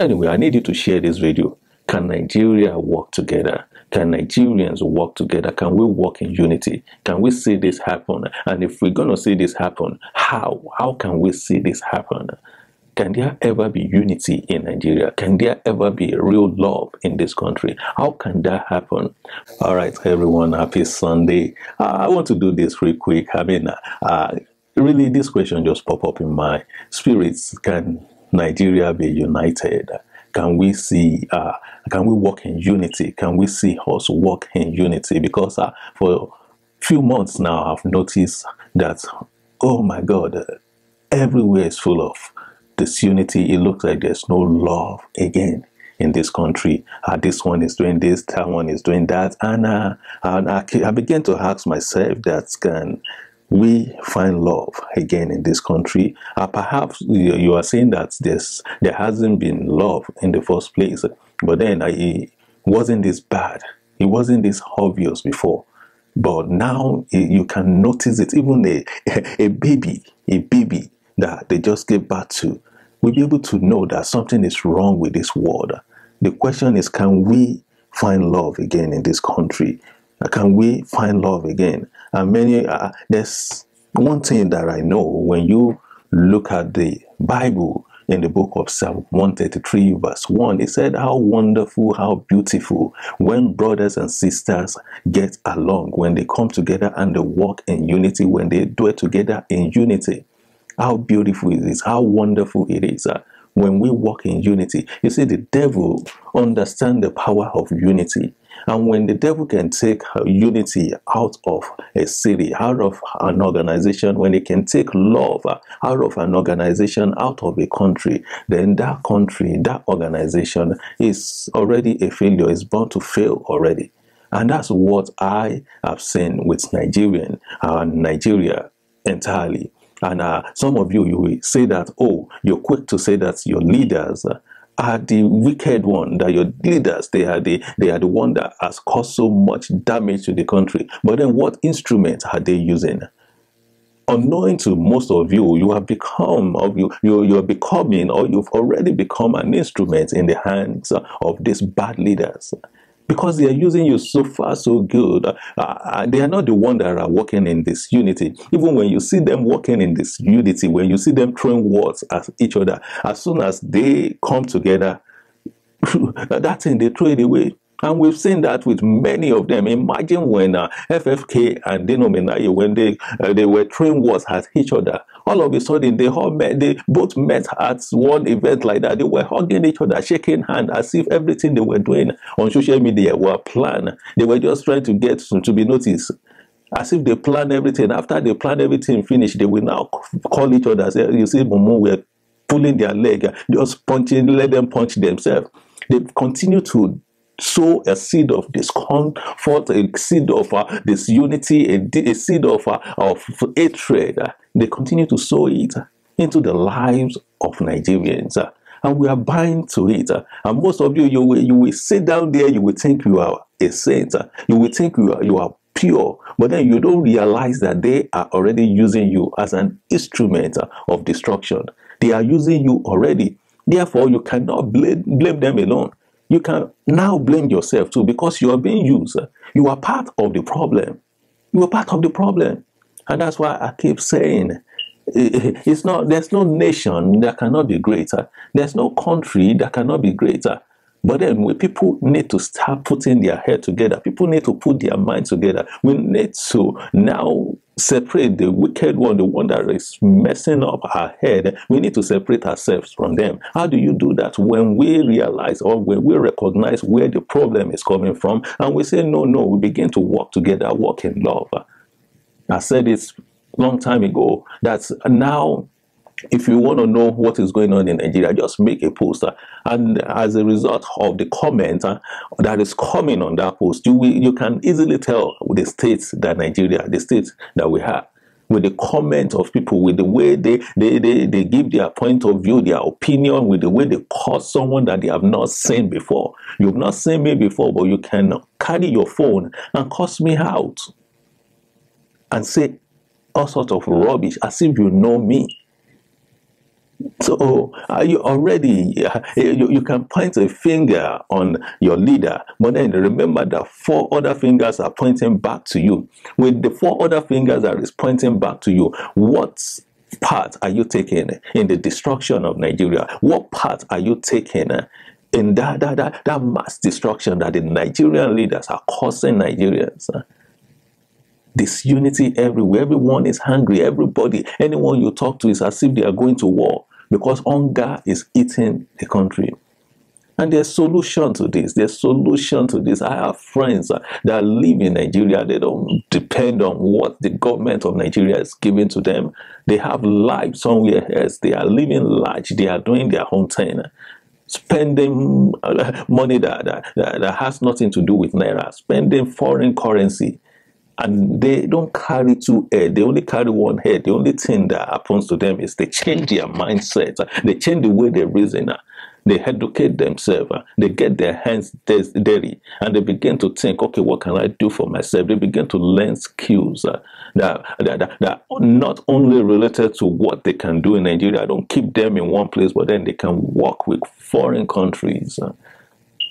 Anyway, I need you to share this video. Can Nigeria work together? Can Nigerians work together? Can we work in unity? Can we see this happen? And if we're going to see this happen, how? How can we see this happen? Can there ever be unity in Nigeria? Can there ever be real love in this country? How can that happen? All right, everyone, happy Sunday. Uh, I want to do this real quick. I mean, uh, uh really, this question just popped up in my spirits. Can Nigeria be united? Can we see, uh, can we work in unity? Can we see us work in unity? Because uh, for a few months now, I've noticed that, oh my God, everywhere is full of disunity. It looks like there's no love again in this country. Uh, this one is doing this, that one is doing that. And, uh, and I, I began to ask myself that can we find love again in this country. Uh, perhaps you, you, are saying that there's, there hasn't been love in the first place, but then uh, it wasn't this bad. It wasn't this obvious before. But now it, eh, you can notice it. Even a, a baby, a baby that they just gave birth to, we'll be able to know that something is wrong with this world. The question is, can we find love again in this country? Can we find love again? And uh, many, uh, uh, there's one thing that I know when you look at the Bible in the book of Psalm 133, verse 1, it said, How wonderful, how beautiful when brothers and sisters get along, when they come together and they walk in unity, when they dwell together in unity. How beautiful it is, how wonderful it is. Uh, when we walk in unity, you see, the devil understand the power of unity. And when the devil can take unity out of a city, out of an organization, when he can take love out of an organization, out of a country, then that country, that organization is already a failure, is bound to fail already. And that's what I have seen with Nigerian and uh, Nigeria entirely. And uh, some of you, you will say that, oh, you're quick to say that your leaders are the wicked one that your leaders they are the they are the one that has caused so much damage to the country but then what instruments are they using unknowing to most of you you have become of you you you are becoming or you've already become an instrument in the hands of these bad leaders because they are using you so far so good uh, uh they are not the one that are walking in this unity even when you see them walking in this unity when you see them throwing words at each other as soon as they come together that thing they throw it away and we've seen that with many of them. Imagine when uh, FFK and Dino when they uh, they were train wars at each other. All of a sudden, they all met. They both met at one event like that. They were hugging each other, shaking hands, as if everything they were doing on social media were planned. They were just trying to get to, to be noticed. As if they planned everything. After they planned everything, finished, they will now call each other. Say, you see, Momo, we're pulling their leg, just punching, let them punch themselves. They continue to sow a seed of discomfort, a seed of uh, disunity, a, a seed of, uh, of hatred. They continue to sow it into the lives of Nigerians. And we are bound to it. And most of you, you will, you will sit down there, you will think you are a saint. You will think you are, you are pure, but then you don't realize that they are already using you as an instrument of destruction. They are using you already. Therefore, you cannot blame, blame them alone you can now blame yourself too because you are being used. You are part of the problem. You are part of the problem. And that's why I keep saying eh, it's not there's no nation that cannot be greater. There's no country that cannot be greater but then we, people need to start putting their head together. People need to put their mind together. We need to now separate the wicked one, the one that is messing up our head. We need to separate ourselves from them. How do you do that? When we realize or when we recognize where the problem is coming from and we say, no, no, we begin to work together, work in love. I said this long time ago that now if you want to know what is going on in Nigeria, just make a poster. Uh, and as a result of the comment uh, that is coming on that post, you, will, you can easily tell the states that Nigeria, the states that we have with the comment of people, with the way they, they, they, they give their point of view, their opinion, with the way they call someone that they have not seen before. You've not seen me before, but you can carry your phone and cuss me out and say all sorts of rubbish as if you know me. So are you already, eh, you, you can point a finger on your leader, but then remember that four other fingers are pointing back to you. With the four other fingers that is pointing back to you, what part are you taking in the destruction of Nigeria? What part are you taking in that, that, that, that mass destruction that the Nigerian leaders are causing Nigerians? disunity everywhere. Everyone is hungry. Everybody, anyone you talk to is as if they are going to war because hunger is eating the country. And there's solution to this. There's solution to this. I have friends that live in Nigeria. They don't depend on what the government of Nigeria is giving to them. They have life somewhere else. They are living large. They are doing their own thing. Spending uh, money that, that, that has nothing to do with Naira. Spending foreign currency and they don't carry two head they only carry one head the only thing that happens to them is they change their mindset they change the way they reason they educate themselves they get their hands dirty and they begin to think okay what can i do for myself they begin to learn skills that, that, that, that are not only related to what they can do in nigeria i don't keep them in one place but then they can work with foreign countries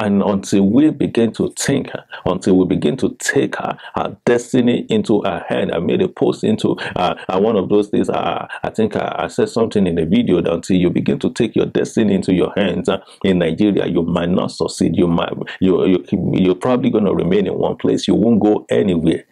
and until we begin to think, until we begin to take our, our destiny into our hand, I made a post into uh, one of those things. I, uh, I think I, I, said something in a video that until you begin to take your destiny into your hands uh, in Nigeria, you might not succeed. You might you, you you're probably going to remain in one place. You won't go anywhere.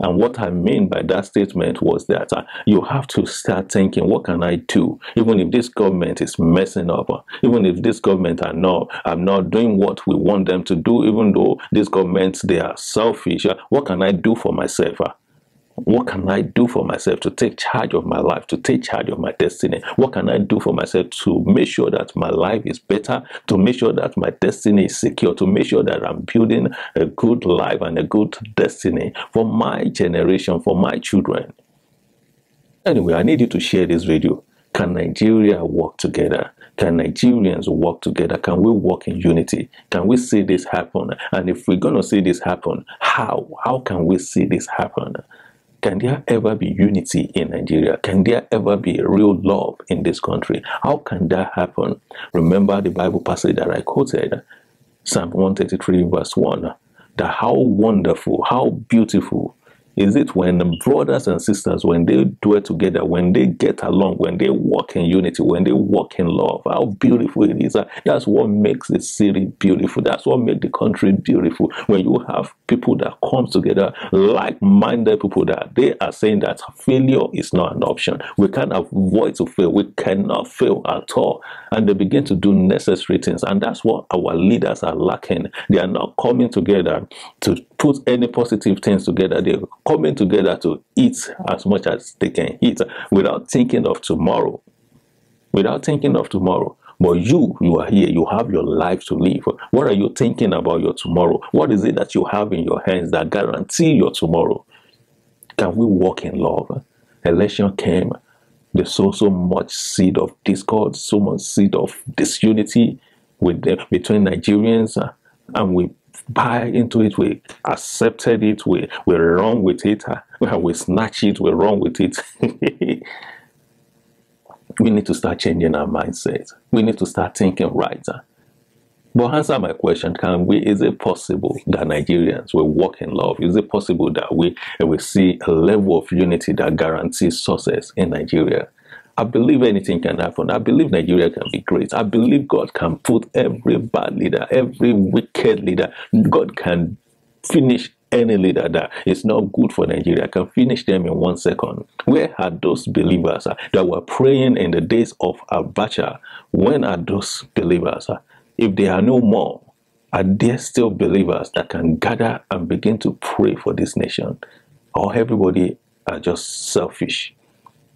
And what I mean by that statement was that uh, you have to start thinking, what can I do? Even if this government is messing up, uh, even if this government are not, I'm not doing what we want them to do, even though this government, they are selfish, uh, what can I do for myself? Uh? What can I do for myself to take charge of my life, to take charge of my destiny? What can I do for myself to make sure that my life is better, to make sure that my destiny is secure, to make sure that I'm building a good life and a good destiny for my generation, for my children? Anyway, I need you to share this video. Can Nigeria work together? Can Nigerians work together? Can we work in unity? Can we see this happen? And if we're going to see this happen, how? How can we see this happen? Can there ever be unity in Nigeria? Can there ever be real love in this country? How can that happen? Remember the Bible passage that I quoted, Psalm 133, verse 1 that how wonderful, how beautiful is it when the brothers and sisters, when they dwell together, when they get along, when they walk in unity, when they walk in love? How beautiful it is. That's what makes the city beautiful. That's what makes the country beautiful. When you have people that come together, like-minded people that they are saying that failure is not an option. We can't avoid to fail. We cannot fail at all. And they begin to do necessary things. And that's what our leaders are lacking. They are not coming together to put any positive things together, they're coming together to eat as much as they can eat without thinking of tomorrow. Without thinking of tomorrow. But you, you are here, you have your life to live. What are you thinking about your tomorrow? What is it that you have in your hands that guarantee your tomorrow? Can we walk in love? Election came. There's so, so much seed of discord, so much seed of disunity with, between Nigerians, uh, and we buy into it, we accepted it, we, we run with it, uh, we snatch it, we run with it. we need to start changing our mindset. We need to start thinking right. Uh. But answer my question, can we is it possible that Nigerians will walk in love? Is it possible that we we see a level of unity that guarantees success in Nigeria? I believe anything can happen. I believe Nigeria can be great. I believe God can put every bad leader, every wicked leader, God can finish any leader that is not good for Nigeria can finish them in one second. Where are those believers that were praying in the days of Abacha? When are those believers? If they are no more, are there still believers that can gather and begin to pray for this nation? Or everybody are just selfish?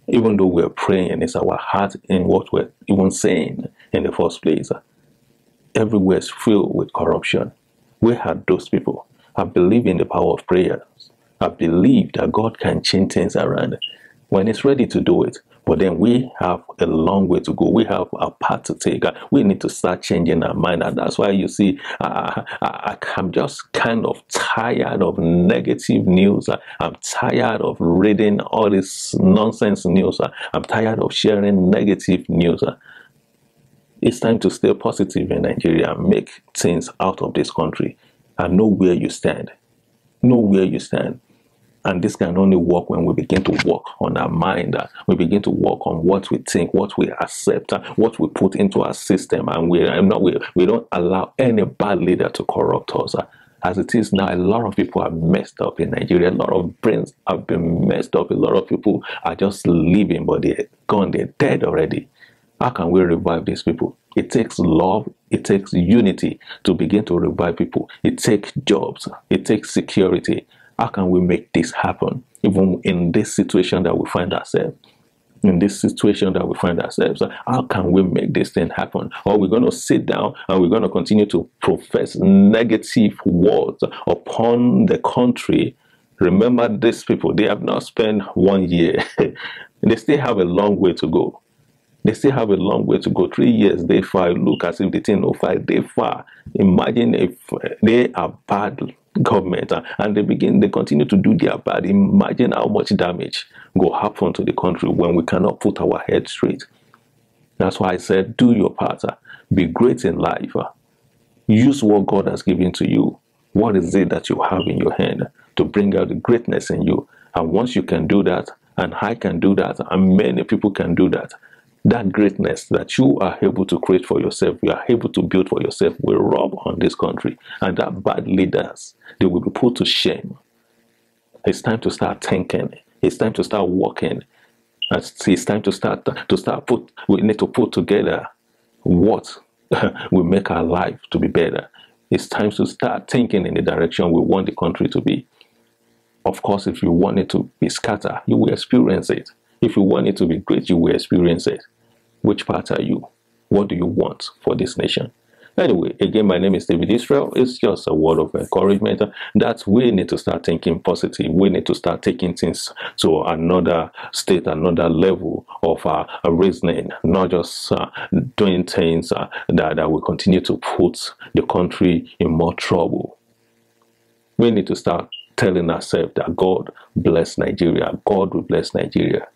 even though we're praying, it's our heart in what we're even saying in the first place. Everywhere is filled with corruption. Where are those people? I believe in the power of prayer. I believe that God can change things around when He's ready to do it. But then we have a long way to go. We have a path to take. We need to start changing our mind. And that's why you see, uh, I, am just kind of tired of negative news. I'm tired of reading all this nonsense news. I'm tired of sharing negative news. It's time to stay positive in Nigeria. Make things out of this country. And know where you stand. Know where you stand. And this can only work when we begin to work on our mind. Uh, we begin to work on what we think, what we accept, uh, what we put into our system. And we, uh, not, we, we don't allow any bad leader to corrupt us as it is now, a lot of people are messed up in Nigeria. A lot of brains have been messed up. A lot of people are just living, but they're gone. They're dead already. How can we revive these people? It takes love. It takes unity to begin to revive people. It takes jobs. It takes security. How can we make this happen? Even in this situation that we find ourselves. In this situation that we find ourselves, how can we make this thing happen? Or we're going to sit down and we're going to continue to profess negative words upon the country remember these people they have not spent one year they still have a long way to go they still have a long way to go. Three years, they fight. Look as if the thing no fight. They far. Imagine if eh, they are bad government uh, and they begin, they continue to do their bad. Imagine how much damage will happen to the country when we cannot put our head straight. That's why I said, do your part. Uh, be great in life. Uh. Use what God has given to you. What is it that you have in your hand to bring out the greatness in you? And once you can do that, and I can do that, and many people can do that, that greatness that you are able to create for yourself, you are able to build for yourself, will rub on this country. And that bad leaders, they will be put to shame. It's time to start thinking. It's time to start working. It's time to start to start put. We need to put together what will make our life to be better. It's time to start thinking in the direction we want the country to be. Of course, if you want it to be scattered, you will experience it. If you want it to be great, you will experience it. Which part are you? What do you want for this nation? Anyway, again, my name is David Israel. It's just a word of encouragement that we need to start thinking positive. We need to start taking things to another state, another level of uh, reasoning, not just uh, doing things uh, that, that will continue to put the country in more trouble. We need to start telling ourselves that God bless Nigeria, God will bless Nigeria.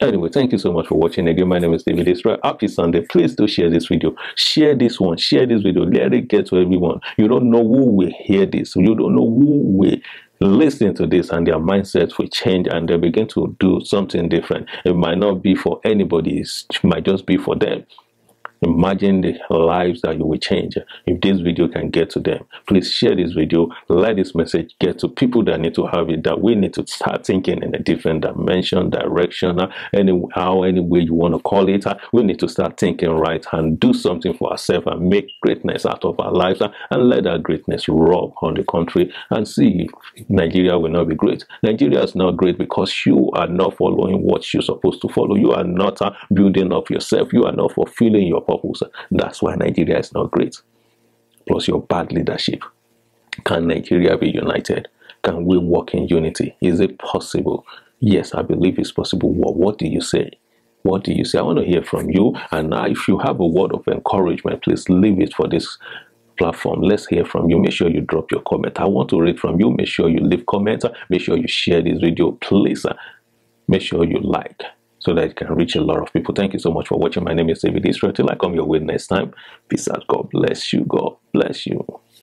Anyway, thank you so much for watching again. My name is David Israel. Happy Sunday. Please do share this video. Share this one. Share this video. Let it get to everyone. You don't know who will hear this. You don't know who will listen to this and their mindset will change and they begin to do something different. It might not be for anybody. It might just be for them. Imagine the lives that you will change. If this video can get to them, please share this video. Let this message get to people that need to have it, that we need to start thinking in a different dimension, direction, uh, any, how, any way you want to call it. Uh, we need to start thinking right and do something for ourselves and make greatness out of our lives uh, and let that greatness rub on the country and see if Nigeria will not be great. Nigeria is not great because you are not following what you're supposed to follow. You are not building up yourself. You are not fulfilling your purpose. That's why Nigeria is not great. Plus your bad leadership. Can Nigeria be united? Can we work in unity? Is it possible? Yes, I believe it's possible. What, what do you say? What do you say? I want to hear from you. And if you have a word of encouragement, please leave it for this platform. Let's hear from you. Make sure you drop your comment. I want to read from you. Make sure you leave comments. Make sure you share this video, please. Make sure you like so that it can reach a lot of people. Thank you so much for watching. My name is David Israel. Till I come your way next time, peace out. God bless you. God bless you.